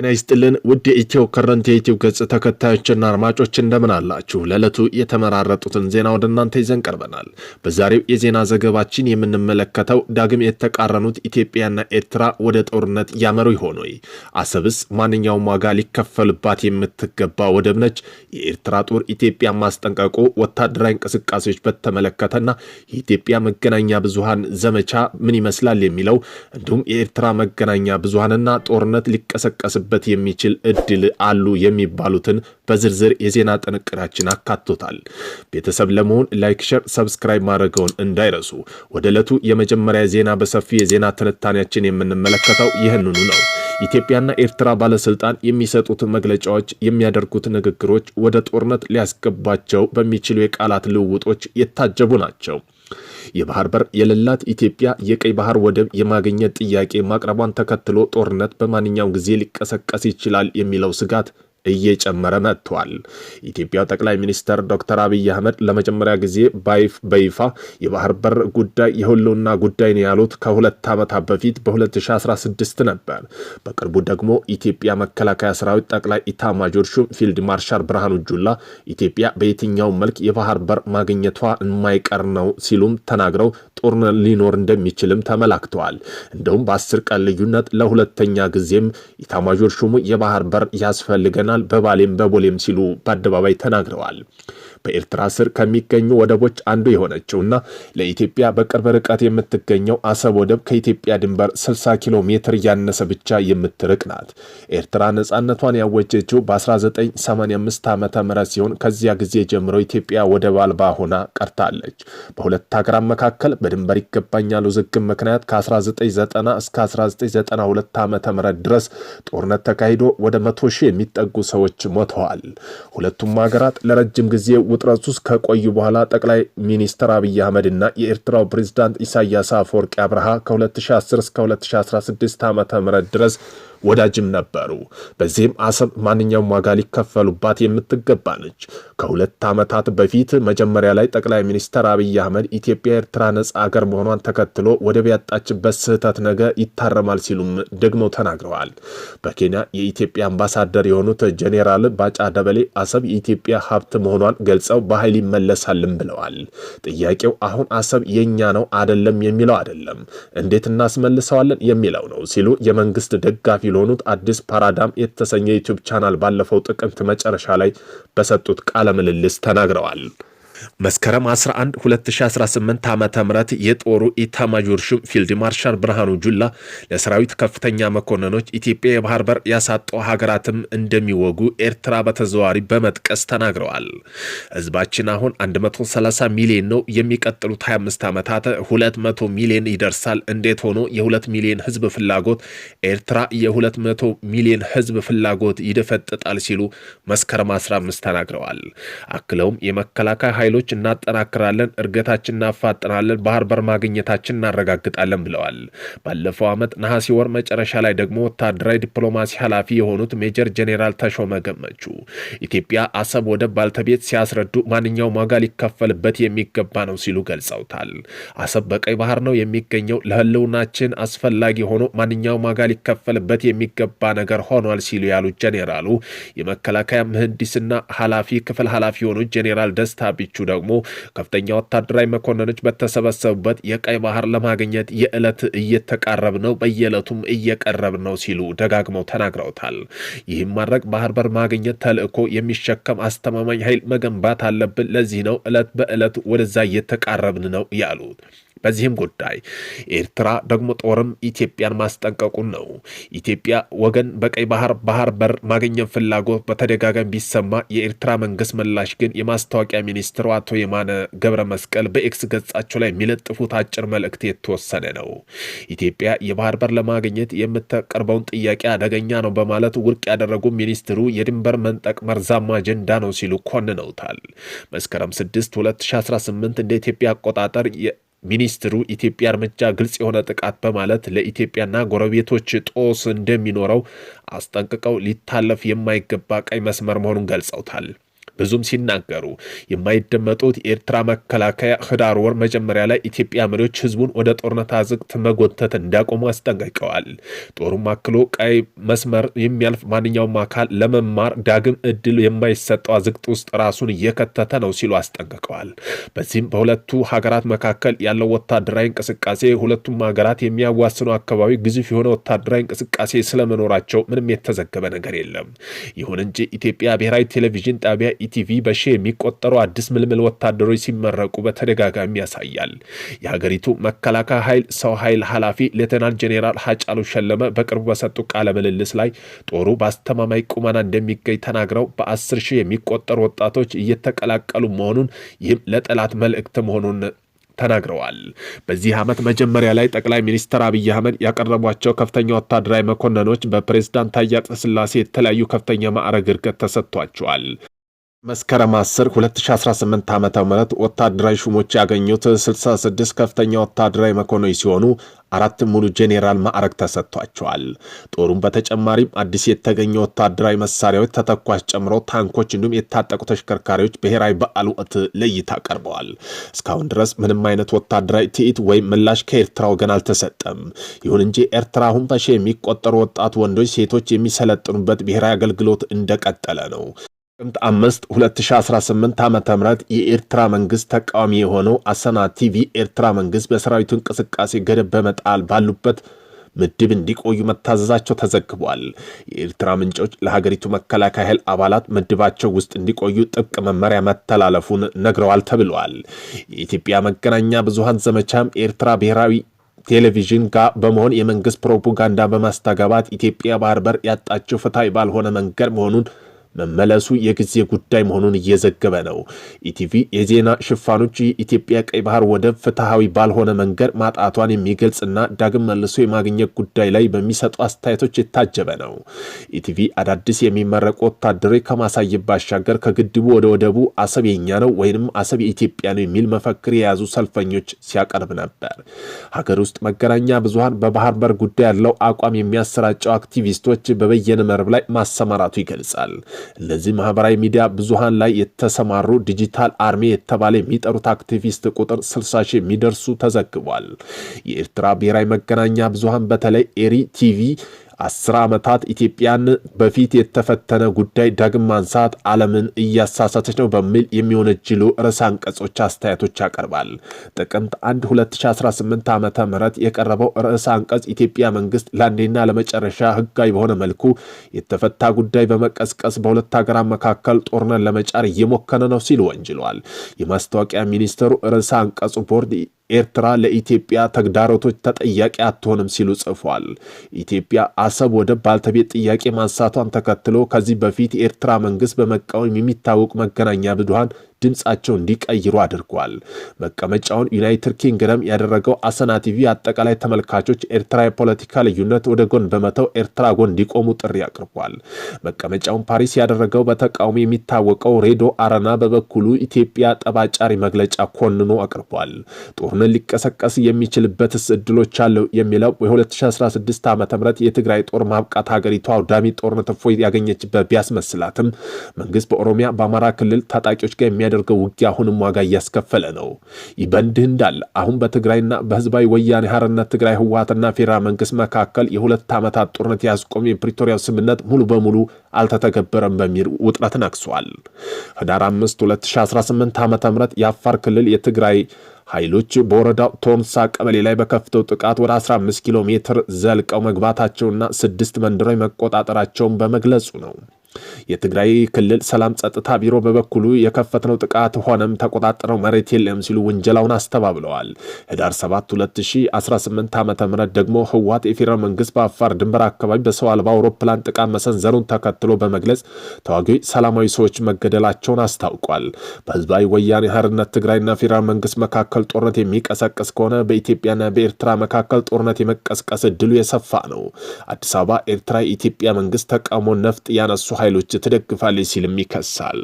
ጤና ይስጥልን ውድ የኢትዮ ከረንት የኢትዮ ገጽ ተከታዮችና አድማጮች እንደምን አላችሁ? ለዕለቱ የተመራረጡትን ዜና ወደ እናንተ ይዘን ቀርበናል። በዛሬው የዜና ዘገባችን የምንመለከተው ዳግም የተቃረኑት ኢትዮጵያና ኤርትራ ወደ ጦርነት ያመሩ ይሆን ወይ? አሰብስ ማንኛውም ዋጋ ሊከፈልባት የምትገባ ወደብ ነች? የኤርትራ ጦር ኢትዮጵያ ማስጠንቀቁ ወታደራዊ እንቅስቃሴዎች በተመለከተና የኢትዮጵያ መገናኛ ብዙሃን ዘመቻ ምን ይመስላል የሚለው እንዲሁም የኤርትራ መገናኛ ብዙሃንና ጦርነት ሊቀሰቀስ ሊደርስበት የሚችል እድል አሉ የሚባሉትን በዝርዝር የዜና ጥንቅራችን አካቶታል። ቤተሰብ ለመሆን ላይክ፣ ሸር፣ ሰብስክራይብ ማድረገውን እንዳይረሱ። ወደ ዕለቱ የመጀመሪያ ዜና በሰፊ የዜና ትንታኔያችን የምንመለከተው ይህንኑ ነው። ኢትዮጵያና ኤርትራ ባለስልጣን የሚሰጡት መግለጫዎች፣ የሚያደርጉት ንግግሮች ወደ ጦርነት ሊያስገባቸው በሚችሉ የቃላት ልውውጦች የታጀቡ ናቸው። የባህር በር የሌላት ኢትዮጵያ የቀይ ባህር ወደብ የማግኘት ጥያቄ ማቅረቧን ተከትሎ ጦርነት በማንኛውም ጊዜ ሊቀሰቀስ ይችላል የሚለው ስጋት እየጨመረ መጥቷል። ኢትዮጵያው ጠቅላይ ሚኒስተር ዶክተር አብይ አህመድ ለመጀመሪያ ጊዜ በይፋ የባህር በር ጉዳይ የህልውና ጉዳይ ነው ያሉት ከሁለት ዓመታት በፊት በ2016 ነበር። በቅርቡ ደግሞ ኢትዮጵያ መከላከያ ሰራዊት ጠቅላይ ኢታማጆር ሹም ፊልድ ማርሻል ብርሃኑ ጁላ ኢትዮጵያ በየትኛውም መልክ የባህር በር ማግኘቷ የማይቀር ነው ሲሉም ተናግረው ጦርነት ሊኖር እንደሚችልም ተመላክተዋል። እንደውም በአስር ቀን ልዩነት ለሁለተኛ ጊዜም ኢታማዦር ሹሙ የባህር በር ያስፈልገናል በባሌም በቦሌም ሲሉ በአደባባይ ተናግረዋል። በኤርትራ ስር ከሚገኙ ወደቦች አንዱ የሆነችውና ለኢትዮጵያ በቅርብ ርቀት የምትገኘው አሰብ ወደብ ከኢትዮጵያ ድንበር 60 ኪሎ ሜትር ያነሰ ብቻ የምትርቅ ናት። ኤርትራ ነፃነቷን ያወጀችው በ1985 ዓ ም ሲሆን ከዚያ ጊዜ ጀምሮ ኢትዮጵያ ወደብ አልባ ሆና ቀርታለች። በሁለት ሀገራት መካከል በድንበር ይገባኛል ውዝግብ ምክንያት ከ1990 እስከ 1992 ዓ ም ድረስ ጦርነት ተካሂዶ ወደ መቶ ሺህ የሚጠጉ ሰዎች ሞተዋል። ሁለቱም ሀገራት ለረጅም ጊዜ ውጥረት ውስጥ ከቆዩ በኋላ ጠቅላይ ሚኒስትር አብይ አህመድ የኤርትራው ፕሬዝዳንት ኢሳያስ አፈወርቂ አብርሃ ከ2010 እስከ 2016 ዓ ም ድረስ ወዳጅም ነበሩ። በዚህም አሰብ ማንኛውም ዋጋ ሊከፈሉባት የምትገባ ነች። ከሁለት ዓመታት በፊት መጀመሪያ ላይ ጠቅላይ ሚኒስትር አብይ አህመድ ኢትዮጵያ ኤርትራ ነጻ አገር መሆኗን ተከትሎ ወደብ ያጣችበት ስህተት ነገ ይታረማል ሲሉም ደግሞ ተናግረዋል። በኬንያ የኢትዮጵያ አምባሳደር የሆኑት ጄኔራል ባጫ ደበሌ አሰብ የኢትዮጵያ ሀብት መሆኗን ገልጸው በኃይል ይመለሳልም ብለዋል። ጥያቄው አሁን አሰብ የኛ ነው አደለም የሚለው አደለም፣ እንዴት እናስመልሰዋለን የሚለው ነው ሲሉ የመንግስት ደጋፊ ለሆኑት አዲስ ፓራዳም የተሰኘ ዩቲዩብ ቻናል ባለፈው ጥቅምት መጨረሻ ላይ በሰጡት ቃለ ምልልስ ተናግረዋል። መስከረም 11 2018 ዓ ም የጦሩ ኢታማዦር ሹም ፊልድ ማርሻል ብርሃኑ ጁላ ለሰራዊት ከፍተኛ መኮንኖች ኢትዮጵያ የባህር በር ያሳጠው ሀገራትም እንደሚወጉ ኤርትራ በተዘዋዋሪ በመጥቀስ ተናግረዋል። ህዝባችን አሁን 130 ሚሊዮን ነው። የሚቀጥሉት 25 ዓመታት 200 ሚሊዮን ይደርሳል። እንዴት ሆኖ የ2 ሚሊዮን ህዝብ ፍላጎት ኤርትራ የ200 ሚሊዮን ህዝብ ፍላጎት ይደፈጥጣል ሲሉ መስከረም 15 ተናግረዋል። አክለውም የመከላከያ ኃይሎች እናጠናክራለን፣ እርገታችን እናፋጥናለን፣ ባህር በር ማግኘታችን እናረጋግጣለን ብለዋል። ባለፈው ዓመት ነሐሴ ወር መጨረሻ ላይ ደግሞ ወታደራዊ ዲፕሎማሲ ኃላፊ የሆኑት ሜጀር ጄኔራል ተሾመ ገመቹ ኢትዮጵያ አሰብ ወደብ ባልተቤት ሲያስረዱ ማንኛውም ዋጋ ሊከፈልበት የሚገባ ነው ሲሉ ገልጸውታል። አሰብ በቀይ ባህር ነው የሚገኘው ለህልውናችን አስፈላጊ ሆኖ ማንኛውም ዋጋ ሊከፈልበት የሚገባ ነገር ሆኗል ሲሉ ያሉት ጄኔራሉ የመከላከያ ምህንዲስና ኃላፊ ክፍል ኃላፊ የሆኑት ጄኔራል ደስታ ቢቹ ሌሎቹ ደግሞ ከፍተኛ ወታደራዊ መኮንኖች በተሰበሰቡበት የቀይ ባህር ለማግኘት የዕለት እየተቃረብ ነው፣ በየዕለቱም እየቀረብ ነው ሲሉ ደጋግመው ተናግረውታል። ይህም ማድረግ ባህር በር ማግኘት ተልዕኮ የሚሸከም አስተማማኝ ኃይል መገንባት አለብን። ለዚህ ነው ዕለት በዕለት ወደዛ እየተቃረብን ነው ያሉት። በዚህም ጉዳይ ኤርትራ ደግሞ ጦርም ኢትዮጵያን ማስጠንቀቁን ነው። ኢትዮጵያ ወገን በቀይ ባህር ባህር በር ማግኘት ፍላጎት በተደጋጋሚ ቢሰማ የኤርትራ መንግስት ምላሽ ግን የማስታወቂያ ሚኒስትሩ አቶ የማነ ገብረ መስቀል በኤክስ ገጻቸው ላይ የሚለጥፉት አጭር መልእክት የተወሰነ ነው። ኢትዮጵያ የባህር በር ለማግኘት የምታቀርበውን ጥያቄ አደገኛ ነው በማለት ውድቅ ያደረጉ ሚኒስትሩ የድንበር መንጠቅ መርዛማ አጀንዳ ነው ሲሉ ኮንነውታል። መስከረም 6 2018 እንደ ኢትዮጵያ አቆጣጠር ሚኒስትሩ ኢትዮጵያ እርምጃ ግልጽ የሆነ ጥቃት በማለት ለኢትዮጵያና ጎረቤቶች ጦስ እንደሚኖረው አስጠንቅቀው ሊታለፍ የማይገባ ቀይ መስመር መሆኑን ገልጸውታል። ብዙም ሲናገሩ የማይደመጡት የኤርትራ መከላከያ ህዳር ወር መጀመሪያ ላይ ኢትዮጵያ መሪዎች ህዝቡን ወደ ጦርነት አዘቅት መጎተት እንዲያቆሙ አስጠንቅቀዋል። ጦሩም አክሎ ቀይ መስመር የሚያልፍ ማንኛውም አካል ለመማር ዳግም እድል የማይሰጠው አዘቅት ውስጥ ራሱን እየከተተ ነው ሲሉ አስጠንቅቀዋል። በዚህም በሁለቱ ሀገራት መካከል ያለው ወታደራዊ እንቅስቃሴ ሁለቱም ሀገራት የሚያዋስነው አካባቢ ግዙፍ የሆነ ወታደራዊ እንቅስቃሴ ስለመኖራቸው ምንም የተዘገበ ነገር የለም። ይሁን እንጂ ኢትዮጵያ ብሔራዊ ቴሌቪዥን ጣቢያ ኢቲቪ በሺህ የሚቆጠሩ አዲስ ምልምል ወታደሮች ሲመረቁ በተደጋጋሚ ያሳያል። የሀገሪቱ መከላከያ ኃይል ሰው ኃይል ኃላፊ ሌተናንት ጄኔራል ሀጫሉ ሸለመ በቅርቡ በሰጡ ቃለ ምልልስ ላይ ጦሩ በአስተማማኝ ቁመና እንደሚገኝ ተናግረው በአስር ሺህ የሚቆጠሩ ወጣቶች እየተቀላቀሉ መሆኑን ይህም ለጠላት መልእክት መሆኑን ተናግረዋል። በዚህ ዓመት መጀመሪያ ላይ ጠቅላይ ሚኒስትር አብይ አህመድ ያቀረቧቸው ከፍተኛ ወታደራዊ መኮንኖች በፕሬዝዳንት ታዬ አጽቀሥላሴ የተለያዩ ከፍተኛ ማዕረግ እድገት ተሰጥቷቸዋል። መስከረም 10 2018 ዓ ም ወታደራዊ ሹሞች ያገኙት 66 ከፍተኛ ወታደራዊ መኮንኖች ሲሆኑ አራት ሙሉ ጄኔራል ማዕረግ ተሰጥቷቸዋል። ጦሩም በተጨማሪም አዲስ የተገኘ ወታደራዊ መሳሪያዎች ተተኳሽ ጨምሮ ታንኮች፣ እንዲሁም የታጠቁ ተሽከርካሪዎች ብሔራዊ በዓል ወቅት ለእይታ ቀርበዋል። እስካሁን ድረስ ምንም አይነት ወታደራዊ ትርኢት ወይም ምላሽ ከኤርትራ ወገን አልተሰጠም። ይሁን እንጂ ኤርትራ አሁን በሺ የሚቆጠሩ ወጣት ወንዶች፣ ሴቶች የሚሰለጥኑበት ብሔራዊ አገልግሎት እንደቀጠለ ነው። ጥቅምት 5 2018 ዓ ም የኤርትራ መንግስት ተቃዋሚ የሆነው አሰና ቲቪ ኤርትራ መንግስት በሰራዊቱ እንቅስቃሴ ገደብ በመጣል ባሉበት ምድብ እንዲቆዩ መታዘዛቸው ተዘግቧል። የኤርትራ ምንጮች ለሀገሪቱ መከላከያ ኃይል አባላት ምድባቸው ውስጥ እንዲቆዩ ጥብቅ መመሪያ መተላለፉን ነግረዋል ተብለዋል። የኢትዮጵያ መገናኛ ብዙሃን ዘመቻም ኤርትራ ብሔራዊ ቴሌቪዥን ጋር በመሆን የመንግስት ፕሮፓጋንዳ በማስተጋባት ኢትዮጵያ ባህር በር ያጣችው ፍትሐዊ ባልሆነ መንገድ መሆኑን መመለሱ የጊዜ ጉዳይ መሆኑን እየዘገበ ነው። ኢቲቪ የዜና ሽፋኖች የኢትዮጵያ ቀይ ባህር ወደብ ፍትሐዊ ባልሆነ መንገድ ማጣቷን የሚገልጽና ዳግም መልሶ የማግኘት ጉዳይ ላይ በሚሰጡ አስተያየቶች የታጀበ ነው። ኢቲቪ አዳዲስ የሚመረቁ ወታደሮች ከማሳየት ባሻገር ከግድቡ ወደ ወደቡ አሰብ የኛ ነው ወይንም አሰብ የኢትዮጵያ ነው የሚል መፈክር የያዙ ሰልፈኞች ሲያቀርብ ነበር። ሀገር ውስጥ መገናኛ ብዙሃን በባህር በር ጉዳይ ያለው አቋም የሚያሰራጨው አክቲቪስቶች በበየነ መረብ ላይ ማሰማራቱ ይገልጻል። እነዚህ ማህበራዊ ሚዲያ ብዙሃን ላይ የተሰማሩ ዲጂታል አርሚ የተባለ የሚጠሩት አክቲቪስት ቁጥር 60 ሺህ የሚደርሱ ተዘግቧል። የኤርትራ ብሔራዊ መገናኛ ብዙሃን በተለይ ኤሪ ቲቪ አስር ዓመታት ኢትዮጵያን በፊት የተፈተነ ጉዳይ ዳግም ማንሳት ዓለምን እያሳሳተች ነው በሚል የሚወነጅሉ ርዕሰ አንቀጾች አስተያየቶች ያቀርባል። ጥቅምት 1 2018 ዓ ም የቀረበው ርዕሰ አንቀጽ ኢትዮጵያ መንግስት ለአንዴና ለመጨረሻ ህጋዊ በሆነ መልኩ የተፈታ ጉዳይ በመቀስቀስ በሁለት ሀገራት መካከል ጦርነት ለመጫር እየሞከነ ነው ሲል ወንጅሏል። የማስታወቂያ ሚኒስትሩ ርዕሰ አንቀጹ ቦርድ ኤርትራ ለኢትዮጵያ ተግዳሮቶች ተጠያቂ አትሆንም ሲሉ ጽፏል። ኢትዮጵያ አሰብ ወደብ ባልተቤት ጥያቄ ማንሳቷን ተከትሎ ከዚህ በፊት የኤርትራ መንግስት በመቃወም የሚታወቅ መገናኛ ብዙሃን ድምፃቸው እንዲቀይሩ አድርጓል። መቀመጫውን ዩናይትድ ኪንግደም ያደረገው አሰና ቲቪ አጠቃላይ ተመልካቾች ኤርትራ የፖለቲካ ልዩነት ወደ ጎን በመተው ኤርትራ ጎን እንዲቆሙ ጥሪ አቅርቧል። መቀመጫውን ፓሪስ ያደረገው በተቃውሞ የሚታወቀው ሬዶ አረና በበኩሉ ኢትዮጵያ ጠባጫሪ መግለጫ ኮንኖ አቅርቧል። ጦርነት ሊቀሰቀስ የሚችልበትስ እድሎች አለው የሚለው የ2016 ዓ ም የትግራይ ጦር ማብቃት ሀገሪቷ አውዳሚ ጦርነት እፎይታ ያገኘችበት ቢያስመስላትም መንግስት በኦሮሚያ በአማራ ክልል ታጣቂዎች ጋር የሚያደርገው ውጊያ አሁንም ዋጋ እያስከፈለ ነው። ይህ በእንዲህ እንዳለ አሁን በትግራይና በህዝባዊ ወያኔ ሓርነት ትግራይ ህወሓትና ፌዴራል መንግስት መካከል የሁለት ዓመታት ጦርነት ያስቆመ የፕሪቶሪያው ስምምነት ሙሉ በሙሉ አልተተገበረም በሚል ውጥረት ነግሷል። ህዳር 5 2018 ዓ ም የአፋር ክልል የትግራይ ኃይሎች በወረዳው ቶንሳ ቀበሌ ላይ በከፍተው ጥቃት ወደ 15 ኪሎ ሜትር ዘልቀው መግባታቸውና ስድስት መንደሮች መቆጣጠራቸውን በመግለጹ ነው። የትግራይ ክልል ሰላም ጸጥታ ቢሮ በበኩሉ የከፈትነው ጥቃት ሆነም ተቆጣጠረው መሬት የለም ሲሉ ውንጀላውን አስተባብለዋል። ህዳር 7 2018 ዓ ም ደግሞ ህወሓት የፌዴራል መንግስት በአፋር ድንበር አካባቢ በሰው አልባ አውሮፕላን ጥቃት መሰንዘሩን ተከትሎ በመግለጽ ተዋጊዎች ሰላማዊ ሰዎች መገደላቸውን አስታውቋል። በህዝባዊ ወያኔ ሓርነት ትግራይና ፌዴራል መንግስት መካከል ጦርነት የሚቀሰቀስ ከሆነ በኢትዮጵያና በኤርትራ መካከል ጦርነት የመቀስቀስ እድሉ የሰፋ ነው። አዲስ አበባ ኤርትራ የኢትዮጵያ መንግስት ተቃውሞ ነፍጥ ያነሱ ኃይሎች ትደግፋለች ሲልም ይከሳል።